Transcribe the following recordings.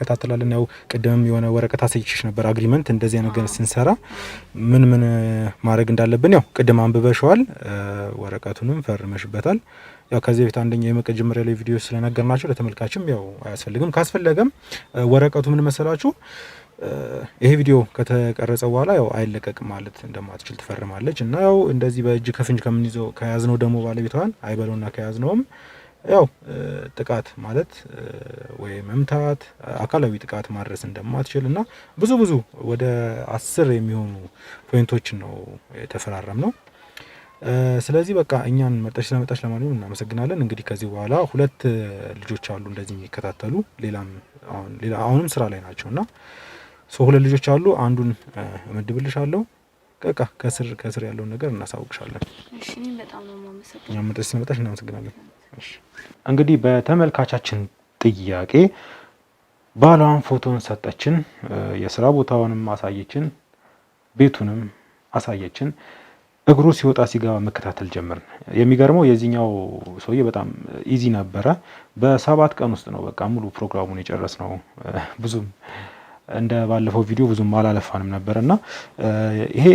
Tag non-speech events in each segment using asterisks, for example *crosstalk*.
እንከታተላለን። ያው ቅድምም የሆነ ወረቀት አሳይቼሽ ነበር፣ አግሪመንት እንደዚህ ነገር ስንሰራ ምን ምን ማድረግ እንዳለብን ያው ቅድም አንብበሽዋል፣ ወረቀቱንም ፈርመሽበታል። ያው ከዚህ በፊት አንደኛ የመቀጀመሪያ ላይ ቪዲዮ ስለነገርናቸው ለተመልካችም ያው አያስፈልግም። ካስፈለገም ወረቀቱ ምን መሰላችሁ ይሄ ቪዲዮ ከተቀረጸ በኋላ ያው አይለቀቅ ማለት እንደማትችል ትፈርማለች እና ያው እንደዚህ በእጅ ከፍንጅ ከምንይዘው ከያዝነው ደግሞ ባለቤቷን አይበለውና ከያዝነውም ያው ጥቃት ማለት ወይ መምታት፣ አካላዊ ጥቃት ማድረስ እንደማትችል እና ብዙ ብዙ ወደ አስር የሚሆኑ ፖይንቶችን ነው የተፈራረም ነው። ስለዚህ በቃ እኛን መርጠሽ ስለመጣሽ ለማንኛውም እናመሰግናለን። እንግዲህ ከዚህ በኋላ ሁለት ልጆች አሉ እንደዚህ የሚከታተሉ ሌላም አሁንም ስራ ላይ ናቸው እና ሁለት ልጆች አሉ። አንዱን እመድብልሻለሁ። በቃ ከስር ከስር ያለውን ነገር እናሳውቅሻለን። እሺ፣ በጣም ነው የማመሰግነው። እኛን መርጠሽ ስለመጣሽ እናመሰግናለን። እንግዲህ በተመልካቻችን ጥያቄ ባሏን ፎቶን ሰጠችን፣ የስራ ቦታውንም አሳየችን፣ ቤቱንም አሳየችን። እግሩ ሲወጣ ሲገባ መከታተል ጀመርን። የሚገርመው የዚህኛው ሰውዬ በጣም ኢዚ ነበረ። በሰባት ቀን ውስጥ ነው በቃ ሙሉ ፕሮግራሙን የጨረስ ነው። ብዙም እንደ ባለፈው ቪዲዮ ብዙም አላለፋንም ነበር እና ይሄ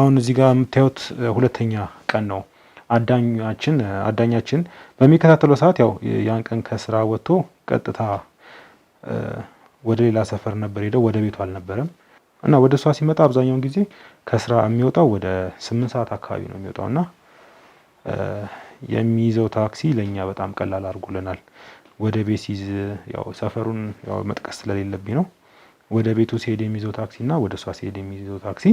አሁን እዚህ ጋር የምታዩት ሁለተኛ ቀን ነው አዳኛችን አዳኛችን በሚከታተለው ሰዓት ያው ያን ቀን ከስራ ወጥቶ ቀጥታ ወደ ሌላ ሰፈር ነበር ሄደው ወደ ቤቱ አልነበረም እና ወደ እሷ ሲመጣ አብዛኛውን ጊዜ ከስራ የሚወጣው ወደ ስምንት ሰዓት አካባቢ ነው የሚወጣው እና የሚይዘው ታክሲ ለእኛ በጣም ቀላል አድርጎልናል። ወደ ቤት ሲይዝ ያው ሰፈሩን ያው መጥቀስ ስለሌለብኝ ነው ወደ ቤቱ ሲሄድ የሚይዘው ታክሲ እና ወደ እሷ ሲሄድ የሚይዘው ታክሲ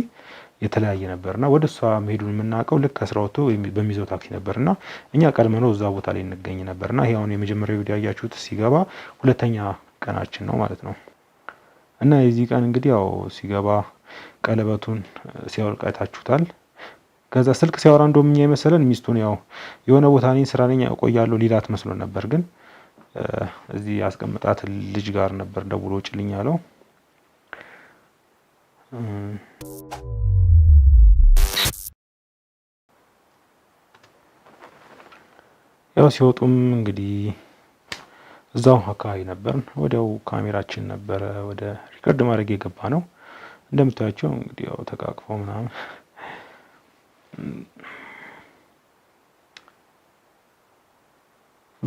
የተለያየ ነበር እና ወደ እሷ መሄዱን የምናውቀው ልክ ከስራ ወጥቶ በሚይዘው ታክሲ ነበር እና እኛ ቀድመነው እዛ ቦታ ላይ እንገኝ ነበር እና ይሄ አሁን የመጀመሪያ ቪዲዮ ያያችሁት ሲገባ ሁለተኛ ቀናችን ነው ማለት ነው። እና የዚህ ቀን እንግዲህ ያው ሲገባ ቀለበቱን ሲያወልቅ ከዛ ስልክ ሲያወራ እንደምኛ የመሰለን ሚስቱን ያው የሆነ ቦታ እኔን ስራ ነኝ እቆያለሁ ሊላት መስሎ ነበር ግን እዚህ ያስቀምጣት ልጅ ጋር ነበር ደውሎ ጭልኝ ያለው። ያው ሲወጡም እንግዲህ እዛው አካባቢ ነበርን። ወዲያው ካሜራችን ነበረ ወደ ሪከርድ ማድረግ የገባ ነው። እንደምታያቸው እንግዲህ ያው ተቃቅፎ ምናምን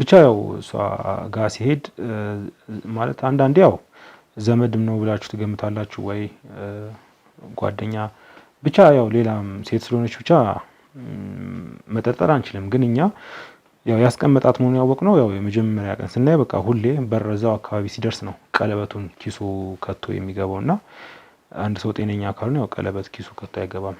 ብቻ ያው እሷ ጋ ሲሄድ ማለት አንዳንዴ ያው ዘመድም ነው ብላችሁ ትገምታላችሁ ወይ? ጓደኛ ብቻ ያው ሌላም ሴት ስለሆነች ብቻ መጠርጠር አንችልም። ግን እኛ ያው ያስቀመጣት መሆኑን ያወቅ ነው ያው የመጀመሪያ ቀን ስናይ በቃ ሁሌ በረዛው አካባቢ ሲደርስ ነው ቀለበቱን ኪሱ ከቶ የሚገባው እና አንድ ሰው ጤነኛ አካሉን ያው ቀለበት ኪሱ ከቶ አይገባም።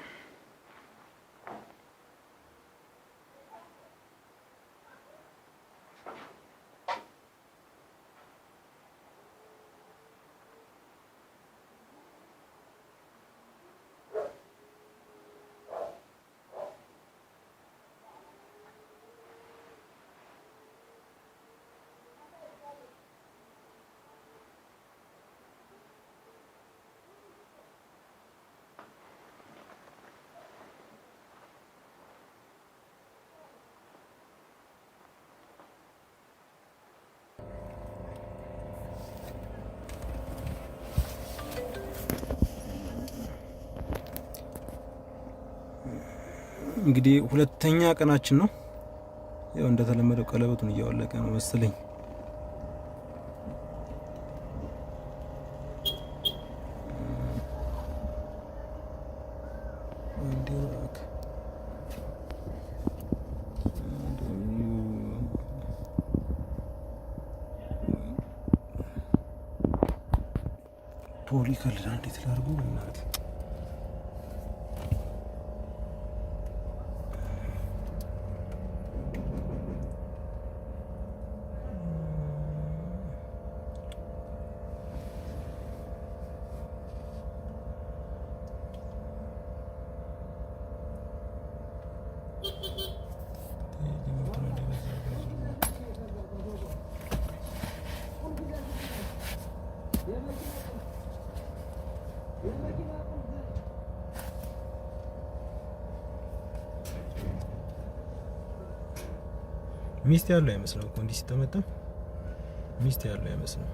እንግዲህ ሁለተኛ ቀናችን ነው። ያው እንደተለመደው ቀለበቱን እያወለቀ ነው መሰለኝ። ፖሊ ከልዳ እንዴት ላርጉ እናት ሚስት ያለው አይመስለው እኮ እንዲህ ሲጠመጠም ሚስት ያለው አይመስለው።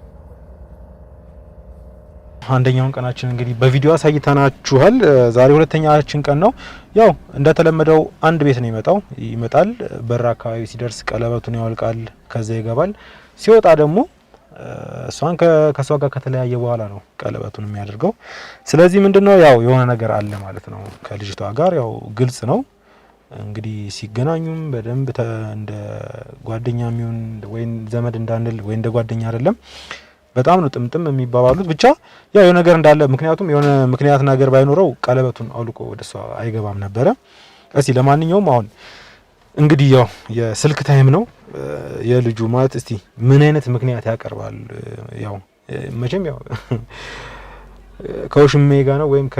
አንደኛውን ቀናችን እንግዲህ በቪዲዮ አሳይተናችኋል። ዛሬ ሁለተኛችን ቀን ነው። ያው እንደተለመደው አንድ ቤት ነው ይመጣው ይመጣል። በር አካባቢ ሲደርስ ቀለበቱን ያወልቃል፣ ከዛ ይገባል። ሲወጣ ደግሞ እሷን ከሷ ጋር ከተለያየ በኋላ ነው ቀለበቱን የሚያደርገው። ስለዚህ ምንድነው ያው የሆነ ነገር አለ ማለት ነው ከልጅቷ ጋር ያው ግልጽ ነው። እንግዲህ ሲገናኙም በደንብ እንደ ጓደኛ የሚሆን ወይም ዘመድ እንዳንል ወይ እንደ ጓደኛ አይደለም በጣም ነው ጥምጥም የሚባባሉት። ብቻ ያው የሆነ ነገር እንዳለ ምክንያቱም የሆነ ምክንያት ነገር ባይኖረው ቀለበቱን አውልቆ ወደ እሷ አይገባም ነበረ። እስቲ ለማንኛውም አሁን እንግዲህ ያው የስልክ ታይም ነው የልጁ ማለት እስቲ ምን አይነት ምክንያት ያቀርባል? ያው መቼም ያው *laughs* ከውሽሜ ጋ ነው ወይም ከ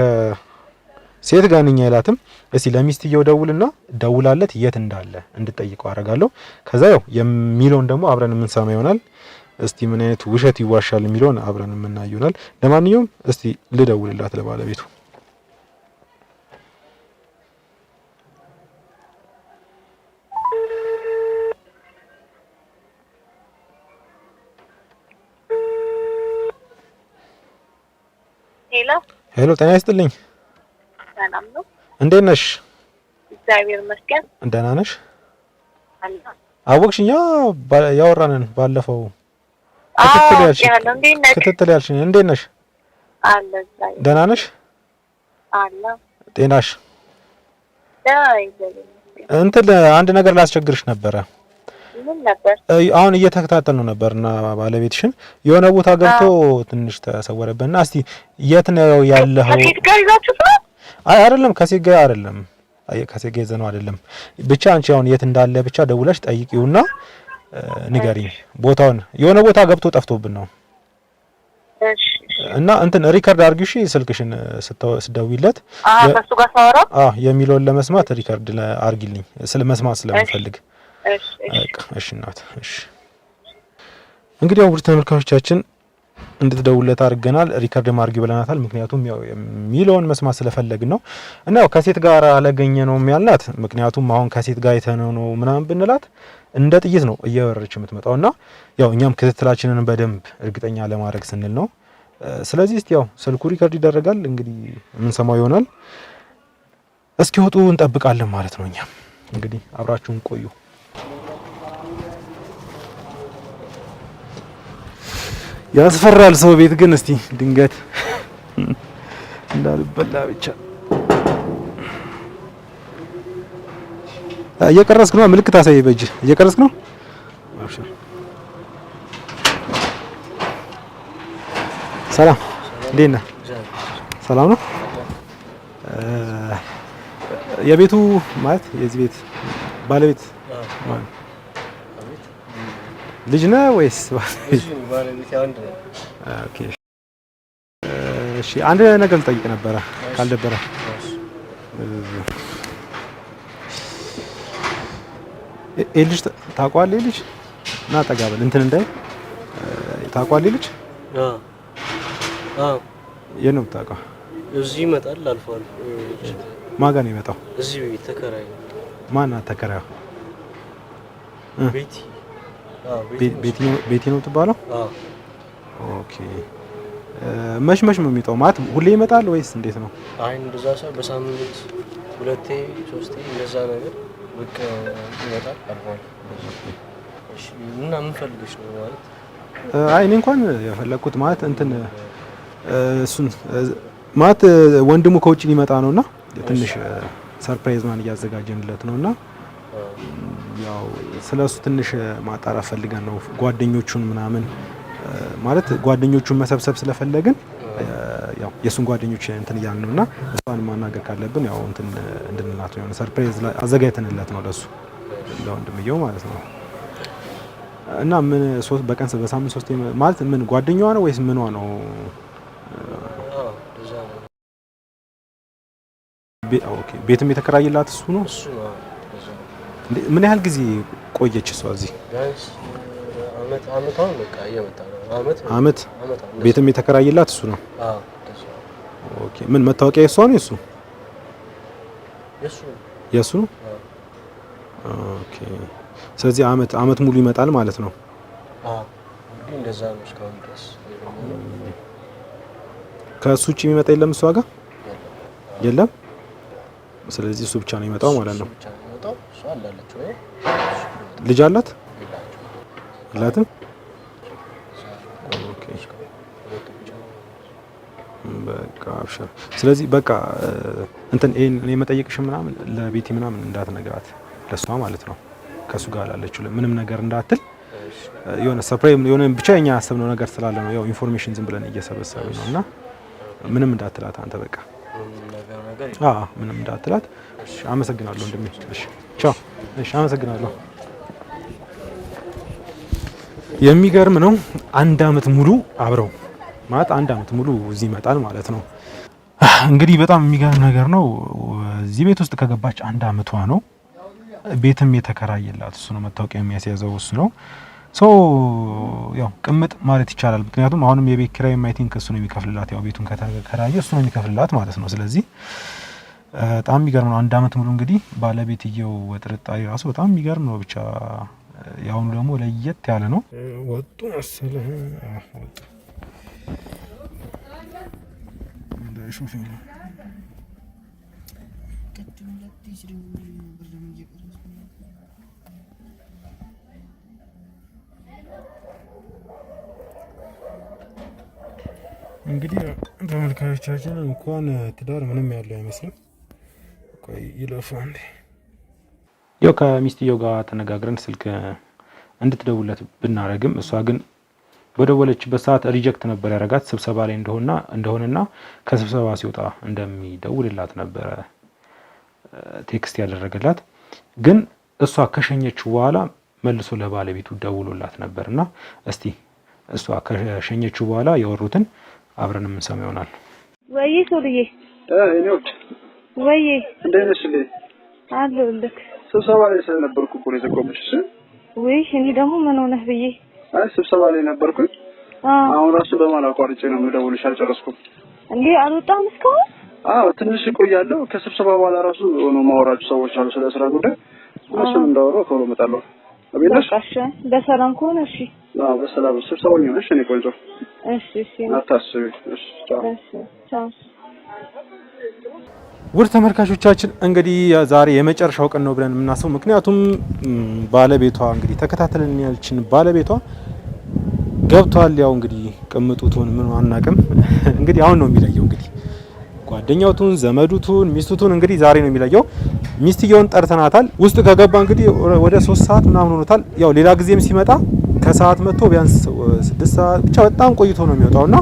ሴት ጋር ነኝ አይላትም። እስቲ ለሚስትየው ደውልና ደውላለት የት እንዳለ እንድጠይቀው አደርጋለሁ። ከዛ ያው የሚለውን ደግሞ አብረን የምንሰማ ይሆናል። እስቲ ምን አይነት ውሸት ይዋሻል የሚለውን አብረን የምናየው ይሆናል። ለማንኛውም እስቲ ልደውልላት ለባለቤቱ። ሄሎ ጤና ይስጥልኝ። ሰላም ነው። እንዴት ነሽ? እግዚአብሔር ይመስገን። ደህና ነሽ? አወቅሽኛ? ያወራንን ባለፈው ክትትል ያልሽኝ እንዴት ነሽ? ደህና ነሽ? ጤናሽ? እንትን አንድ ነገር ላስቸግርሽ ነበረ። ምን አሁን እየተከታተል ነው ነበርና ባለቤትሽን የሆነ ቦታ ገብቶ ትንሽ ተሰወረብንና እስቲ የት ነው ያለኸው? አይ አይደለም፣ ከሴት ጋር አይደለም፣ ከሴት ጋር ይዘነው አይደለም። ብቻ አንቺ አሁን የት እንዳለ ብቻ ደውለሽ ጠይቂውና ንገሪኝ። ቦታውን የሆነ ቦታ ገብቶ ጠፍቶብን ነው እና እንትን ሪከርድ አድርጊው እሺ፣ ስልክሽን ስደውይለት ከሱ ጋር ሳወራ የሚለውን ለመስማት ሪከርድ አድርጊልኝ ስለ መስማት ስለምፈልግ። እሺ እናት። እሺ እንግዲህ ውድ ተመልካቾቻችን እንድትደውለት አድርገናል። ሪከርድ ማርጊ ብለናታል። ምክንያቱም የሚለውን መስማት ስለፈለግ ነው። እና ያው ከሴት ጋር አለገኘ ነው ያልናት። ምክንያቱም አሁን ከሴት ጋር የተነው ነው ምናምን ብንላት እንደ ጥይት ነው እየበረረች የምትመጣው። እና ያው እኛም ክትትላችንን በደንብ እርግጠኛ ለማድረግ ስንል ነው። ስለዚህ እስቲ ያው ስልኩ ሪከርድ ይደረጋል እንግዲህ የምንሰማው ይሆናል። እስኪ ወጡ እንጠብቃለን ማለት ነው። እኛም እንግዲህ አብራችሁን ቆዩ። ያስፈራል። ሰው ቤት ግን እስቲ ድንገት እንዳልበላ ብቻ እየቀረስክ ነው። ምልክት አሳይ በእጅ እየቀረስክ ነው። ሰላም፣ እንዴት ነህ? ሰላም ነው። የቤቱ ማለት የዚህ ቤት ባለቤት ልጅ ነህ ወይስ እሺ አንድ ነገር ልጠይቅ ነበረ ካልደበረ ይህ ልጅ ታውቀዋለህ ይህ ልጅ ና ጠጋ በል እንትን እንዳይ ታውቀዋለህ ይህ ልጅ የት ነው የምታውቀው እዚህ ይመጣል አልፎ አልፎ ማን ጋር ነው የሚመጣው እዚህ ቤት ተከራይ ማን ተከራዩ ቤቲ ቤቲ ነው የምትባለው። ኦኬ መች መች ነው የሚጠው? ማለት ሁሌ ይመጣል ወይስ እንዴት ነው? አይ እንደዛ ሳይሆን በሳምንት ሁለቴ ሶስቴ እንደዛ ነገር ብቅ ይመጣል። አልፏል። እሺ እና ምን ፈልገሽ ነው ማለት? አይ እኔ እንኳን የፈለግኩት ማለት እንትን እሱን ማለት ወንድሙ ከውጭ ሊመጣ ነውና ትንሽ ሰርፕራይዝ ማን እያዘጋጀንለት ነውና ያው ስለ እሱ ትንሽ ማጣራት ፈልገን ነው ጓደኞቹን ምናምን ማለት ጓደኞቹን መሰብሰብ ስለፈለግን ያው የሱን ጓደኞች እንትን እያልን እና እሷን ማናገር ካለብን ያው እንትን እንድንላት ነው ሰርፕራይዝ አዘጋጅተንለት ነው ለሱ ለወንድምየው ማለት ነው። እና ምን ሶስት በቀን በሳምንት ሶስት ማለት ምን ጓደኛዋ ነው ወይስ ምኗ ነው? ቤትም የተከራየላት እሱ ነው። ምን ያህል ጊዜ ቆየች እሷ እዚህ? አመት። ቤትም የተከራየላት እሱ ነው። ኦኬ። ምን መታወቂያ የእሷ ነው? የእሱ የእሱ ነው። ኦኬ። ስለዚህ አመት አመት ሙሉ ይመጣል ማለት ነው። ከእሱ ውጭ የሚመጣ የለም እሷ ጋር የለም። ስለዚህ እሱ ብቻ ነው የሚመጣው ማለት ነው። ልጅ አላት የላትም? በቃ አብሽር። ስለዚህ በቃ እንትን ይሄን እኔ መጠየቅሽ ምናምን ለቤቲ ምናምን እንዳትነግራት ለሷ ማለት ነው። ከሱ ጋር ላለችው ምንም ነገር እንዳትል የሆነ ሰፕራይ የሆነ ብቻ የኛ ያሰብነው ነገር ስላለ ነው። ያው ኢንፎርሜሽን ዝም ብለን እየሰበሰብን ነው እና ምንም እንዳትላት አንተ በቃ ምንም እንዳትላት። አመሰግናለሁ ወንድሜ። እሺ፣ አመሰግናለሁ። የሚገርም ነው። አንድ አመት ሙሉ አብረው ማለት አንድ አመት ሙሉ እዚህ ይመጣል ማለት ነው። እንግዲህ በጣም የሚገርም ነገር ነው። እዚህ ቤት ውስጥ ከገባች አንድ አመቷ ነው። ቤትም የተከራየላት እሱ ነው። መታወቂያ የሚያስያዘው እሱ ነው። ሶ ያው ቅምጥ ማለት ይቻላል። ምክንያቱም አሁንም የቤት ኪራይ አይ ቲንክ እሱ ነው የሚከፍልላት፣ ያው ቤቱን ከተከራየ እሱ ነው የሚከፍልላት ማለት ነው። ስለዚህ በጣም የሚገርም ነው። አንድ አመት ሙሉ እንግዲህ ባለቤትየው ጥርጣሬ ራሱ በጣም የሚገርም ነው። ብቻ ያሁኑ ደግሞ ለየት ያለ ነው። ወጡ መሰለህ ሾፌ ነው እንግዲህ ተመልካቾቻችን እንኳን ትዳር ምንም ያለው አይመስልም። ቆይ ይለፉ አንዴ። ያው ከሚስትየው ጋር ተነጋግረን ስልክ እንድትደውለት ብናረግም እሷ ግን በደወለችበት ሰዓት ሪጀክት ነበር ያረጋት ስብሰባ ላይ እንደሆና እንደሆነና ከስብሰባ ሲወጣ እንደሚደውልላት ነበረ ቴክስት ያደረገላት። ግን እሷ ከሸኘችው በኋላ መልሶ ለባለቤቱ ደውሎላት ነበርና እስቲ እሷ ከሸኘችው በኋላ ያወሩትን አብረን የምንሰማ ይሆናል። ወይ ሶልዬ እኔዎች ወይ እንደት ነሽ? አለሁልህ። ስብሰባ ላይ ስለነበርኩ እኮ ነው የዘቆመሽ። ውይ እኔ ደግሞ ምን ሆነህ ብዬ አይ ስብሰባ ላይ ነበርኩኝ። አሁን ራሱ በማን አቋርጬ ነው የምደውልሽ? አልጨረስኩም እንዴ? አልወጣም እስካሁን? አዎ ትንሽ እቆያለሁ። ከስብሰባ በኋላ ራሱ ሆኖ ማወራችሁ ሰዎች አሉ ስለ ስራ ጉዳይ። እሱን እንዳወራው ቶሎ እመጣለሁ። አቤለሽ በቃሽ። በሰላም እሺ። ቆንጆ ውድ ተመልካቾቻችን እንግዲህ ዛሬ የመጨረሻው ቀን ነው ብለን የምናስበው ምክንያቱም ባለቤቷ እንግዲህ ተከታተልን ያልችን ባለቤቷ ገብቷል። ያው እንግዲህ ቅምጡቱን ምን አናቅም እንግዲህ አሁን ነው የሚለየው። እንግዲህ ጓደኛውቱን፣ ዘመዱቱን፣ ሚስቱቱን እንግዲህ ዛሬ ነው የሚለየው። ሚስትየውን ጠርተናታል። ውስጥ ከገባ እንግዲህ ወደ ሶስት ሰዓት ምናምን ሆኖታል። ያው ሌላ ጊዜም ሲመጣ ከሰዓት መጥቶ ቢያንስ ስድስት ሰዓት ብቻ በጣም ቆይቶ ነው የሚወጣው እና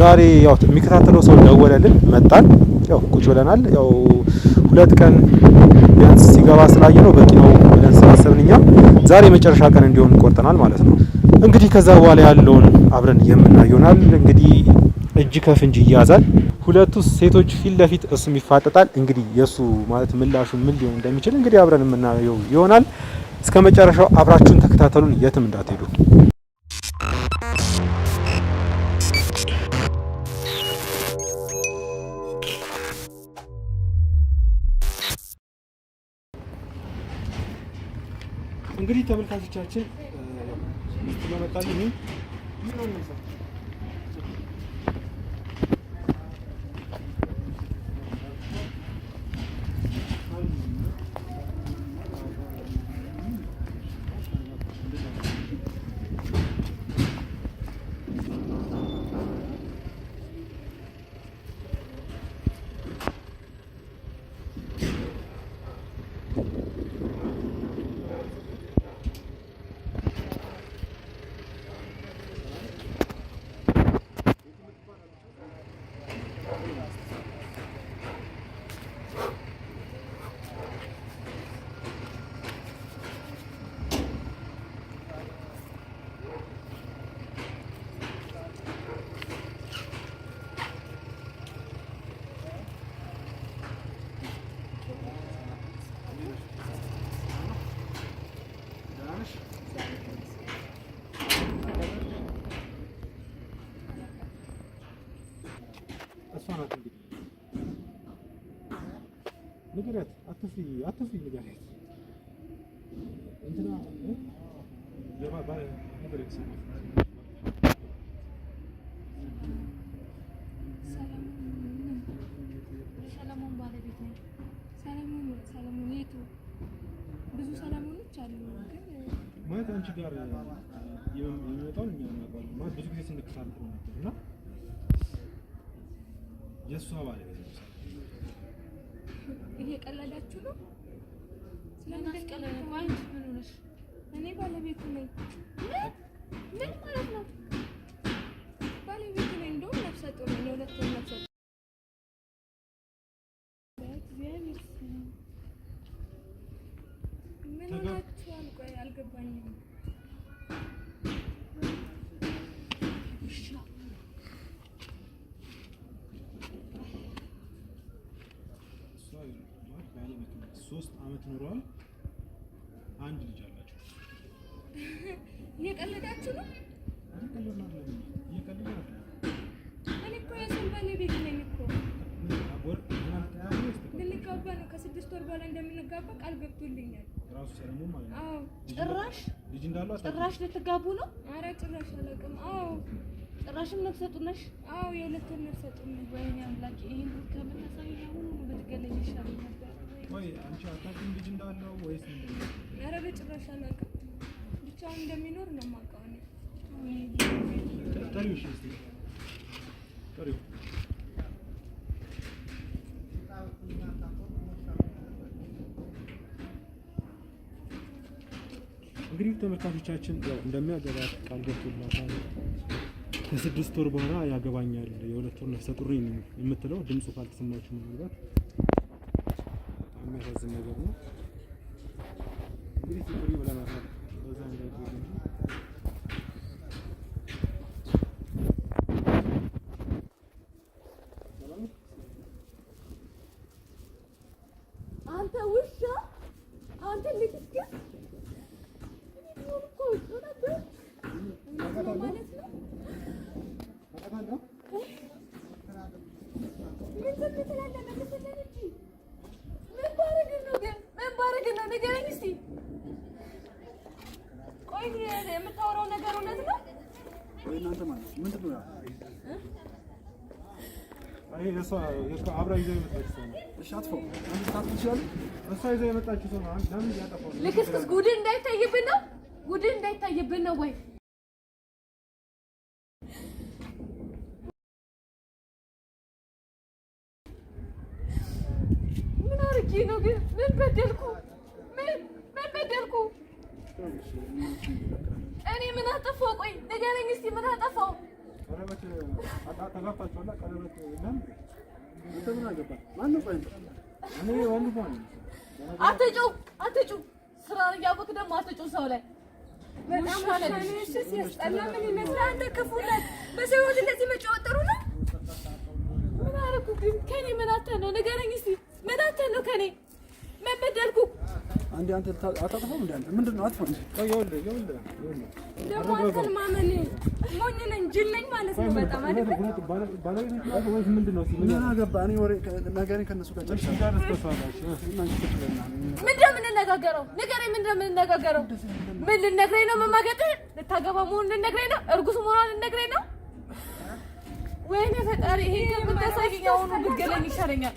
ዛሬ ያው የሚከታተለው ሰው ደወለልን፣ መጣን፣ ያው ቁጭ ብለናል። ያው ሁለት ቀን ቢያንስ ሲገባ ስላየ ነው በቂ ነው ብለን ስላሰብን እኛም ዛሬ መጨረሻ ቀን እንዲሆን ቆርጠናል ማለት ነው። እንግዲህ ከዛ በኋላ ያለውን አብረን የምናየው እንግዲህ እጅ ከፍንጅ ይያዛል። ሁለቱ ሴቶች ፊት ለፊት እሱም ይፋጠጣል። እንግዲህ የእሱ ማለት ምላሹ ምን ሊሆን እንደሚችል እንግዲህ አብረን የምናየው ይሆናል። እስከ መጨረሻው አብራችሁን ተከታተሉን፣ የትም እንዳትሄዱ። እንግዲህ ተመልካቾቻችን ንገሪያት፣ አትስይ አትስይ፣ ንገሪያት እንትና ሰለሞን ባለቤት ነው። ሰለሞን ሰለሞን የቱ ብዙ ሰለሞኖች አሉ። ማለት አንቺ ጋር የሚመጣውን እኛ እናውቀዋለን። ማለት ብዙ ጊዜ ስንከታተል ነበር እና የእሷ ባለቤት ነው እየቀለዳችሁ ነው። እኔ ባለቤቱ ነኝ። ምን ማለት ነው? ባለቤቱ ነኝ። እንደውም ነፍሰ ጡር ነኝ። አሁን አንድ ልጅ አላቸው። እየቀለዳችሁ ነው? እኔ እኮ ከስድስት ወር በኋላ እንደምንጋባ ቃል ገብቶልኛል። ጭራሽ ልትጋቡ ነው? ኧረ ጭራሽ አላውቅም። አዎ ጭራሽም ነፍሰ ጡር ነሽ? አዎ የሁለቱን ነፍሰ ጡር ነኝ። ወይኔ አምላኬ! ይህን ከምታሳይ ሁሉ ብትገለኝ ይሻለኝ ነበር። ወይ አንቺ አታውቂም ልጅ እንዳለው ወይስ ኧረ በጭራሽ አላውቅም። ብቻውን እንደሚኖር ነው የማውቀው እኔ። ጥሪው እሺ፣ ጥሪው እንግዲህ ተመልካቾቻችን ያው እንደሚያገባት ቃል ገብቶላታል። ከስድስት ወር በኋላ ያገባኛል የሁለት ወር ነፍሰ ጡር የምትለው ድምፁ ካልተሰማችሁ ምናልባት የሚያሳዝን ነገር ነው። እንግዲህ ችግሩ ለማለት በዛ እንዳይጎድ ነው። እናንተ ማለት ምንድን ነው? ልክስክስ ጉድህ እንዳይታይብን ነው። ጉድህ እንዳይታይብን ነው ወይ ምን አድርጌ ነው ግን ምን በደልኩ? እኔ ምን አጠፋው? ቆይ ንገረኝ እስኪ ምን አጠፋው? ቀለበት ተጋፋችኋላ? ቀለበት የለም ምን አገባህ? ማነው? ቆይ እኔ ወንድ ሆነ። አትጩ አትጩ፣ ስራ እያወቅህ ደግሞ አትጩ ሰው ላይ በጣም አንዴ አንተ አታጥፋም እንዴ? አንተ ምንድን ነው አጥፋ እንዴ? ቆይ ይኸውልህ፣ ይኸውልህ ደግሞ አንተን ማመን ሞኝ ነኝ ጅል ነኝ ማለት ነው። በጣም አይደል? ምን አገባ እኔ ወሬ ነገሬ ከነሱ ጋር ጨርሻለሁ። ምንድን ነው የምንነጋገረው? ንገረኝ፣ ምንድን ነው የምንነጋገረው? ምን ልትነግረኝ ነው? መማገጥህ ልታገባ መሆኑን ልትነግረኝ ነው? እርጉዝ መሆኗን ልትነግረኝ ነው? ወይኔ ፈጣሪ፣ ይሄ የምታሳየኝ አሁኑ ብትገለኝ ይሻለኛል።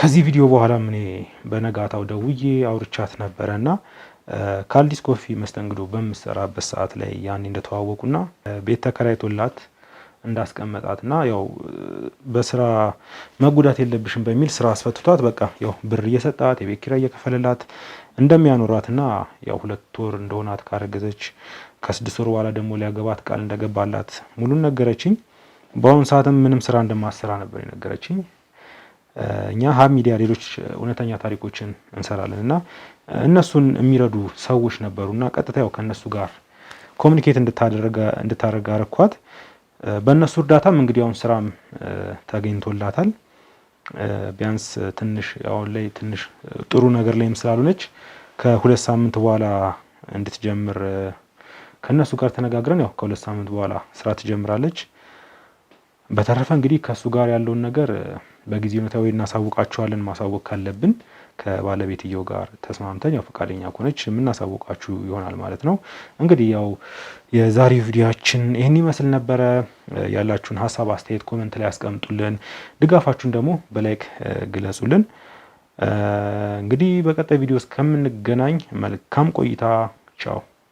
ከዚህ ቪዲዮ በኋላ እኔ በነጋታው ደውዬ አውርቻት እና ካልዲስ ኮፊ መስተንግዶ በምሰራበት ሰዓት ላይ ያን እንደተዋወቁና ቤት ተከራይቶላት እንዳስቀመጣትና ያው በስራ መጉዳት የለብሽም በሚል ስራ አስፈትቷት በቃ ያው ብር እየሰጣት የቤት ኪራይ እየከፈለላት እንደሚያኖራትና ያው ሁለት ወር እንደሆናት ካረገዘች ከስድስት ወር በኋላ ደግሞ ሊያገባት ቃል እንደገባላት ሙሉን ነገረችኝ። በአሁኑ ሰዓትም ምንም ስራ እንደማሰራ ነበር የነገረችኝ። እኛ ሀብ ሚዲያ ሌሎች እውነተኛ ታሪኮችን እንሰራለን እና እነሱን የሚረዱ ሰዎች ነበሩ እና ቀጥታ ያው ከእነሱ ጋር ኮሚኒኬት እንድታደረግ አረኳት። በእነሱ እርዳታም እንግዲህ አሁን ስራም ተገኝቶላታል። ቢያንስ ትንሽ አሁን ላይ ትንሽ ጥሩ ነገር ላይም ስላልሆነች ከሁለት ሳምንት በኋላ እንድትጀምር ከእነሱ ጋር ተነጋግረን ያው ከሁለት ሳምንት በኋላ ስራ ትጀምራለች። በተረፈ እንግዲህ ከእሱ ጋር ያለውን ነገር በጊዜ ሁኔታዊ እናሳውቃችኋለን። ማሳወቅ ካለብን ከባለቤትየው ጋር ተስማምተን ያው ፈቃደኛ ከሆነች የምናሳውቃችሁ ይሆናል ማለት ነው። እንግዲህ ያው የዛሬው ቪዲዮችን ይህን ይመስል ነበረ። ያላችሁን ሀሳብ፣ አስተያየት ኮመንት ላይ ያስቀምጡልን። ድጋፋችሁን ደግሞ በላይክ ግለጹልን። እንግዲህ በቀጣይ ቪዲዮ እስከምንገናኝ መልካም ቆይታ። ቻው